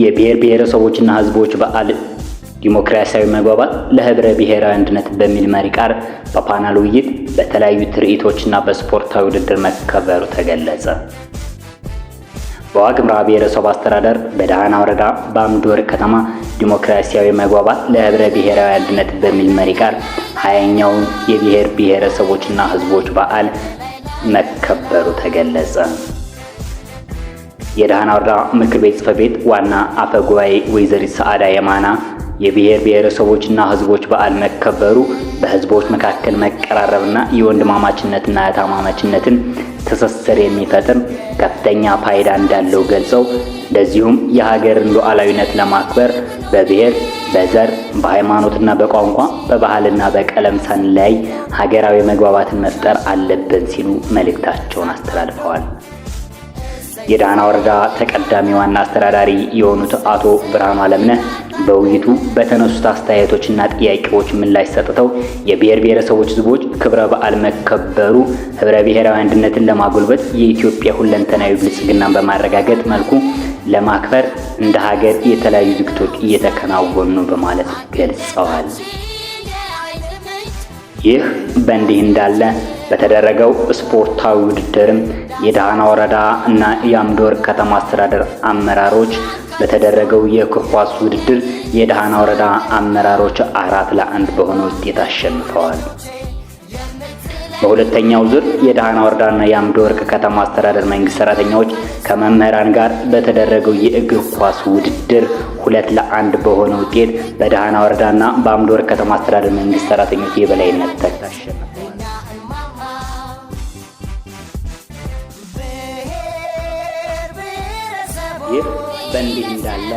የብሔር ብሔረሰቦችና ህዝቦች በዓል ዲሞክራሲያዊ መግባባት ለህብረ ብሔራዊ አንድነት በሚል መሪ ቃል በፓናል ውይይት በተለያዩ ትርኢቶችና በስፖርታዊ ውድድር መከበሩ ተገለጸ። በዋግምራ ብሔረሰብ አስተዳደር በዳህና ወረዳ በአምድ ከተማ ዲሞክራሲያዊ መግባባት ለህብረ ብሔራዊ አንድነት በሚል መሪ ቃል ሀያኛውን የብሔር ብሔረሰቦችና ህዝቦች በዓል መከበሩ ተገለጸ። የዳህና ወረዳ ምክር ቤት ጽፈት ቤት ዋና አፈ ጉባኤ ወይዘሪት ሰዓዳ የማና የብሔር ብሔረሰቦችና ህዝቦች በዓል መከበሩ በህዝቦች መካከል መቀራረብና የወንድማማችነትና የታማማችነትን ትስስር የሚፈጥር ከፍተኛ ፋይዳ እንዳለው ገልጸው እንደዚሁም የሀገርን ሉዓላዊነት ለማክበር በብሔር፣ በዘር፣ በሃይማኖትና በቋንቋ በባህልና በቀለም ሳንለያይ ሀገራዊ መግባባትን መፍጠር አለብን ሲሉ መልእክታቸውን አስተላልፈዋል። የዳና ወረዳ ተቀዳሚ ዋና አስተዳዳሪ የሆኑት አቶ ብርሃኑ አለምነ በውይይቱ በተነሱት አስተያየቶችና ጥያቄዎች ምላሽ ሰጥተው የብሔር ብሔረሰቦች ሕዝቦች ክብረ በዓል መከበሩ ህብረ ብሔራዊ አንድነትን ለማጎልበት የኢትዮጵያ ሁለንተናዊ ብልጽግናን በማረጋገጥ መልኩ ለማክበር እንደ ሀገር የተለያዩ ዝግቶች እየተከናወኑ በማለት ገልጸዋል። ይህ በእንዲህ እንዳለ በተደረገው ስፖርታዊ ውድድርም የዳህና ወረዳ እና የአምዶር ከተማ አስተዳደር አመራሮች በተደረገው የእግር ኳስ ውድድር የዳህና ወረዳ አመራሮች አራት ለአንድ በሆነ ውጤት አሸንፈዋል። በሁለተኛው ዙር የደሃና ወረዳና የአምደ ወርቅ ከተማ አስተዳደር መንግስት ሰራተኞች ከመምህራን ጋር በተደረገው የእግር ኳስ ውድድር ሁለት ለአንድ በሆነ ውጤት በደሃና ወረዳና በአምደ ወርቅ ከተማ አስተዳደር መንግስት ሰራተኞች የበላይነት ተታሸ። ይህ በእንዲህ እንዳለ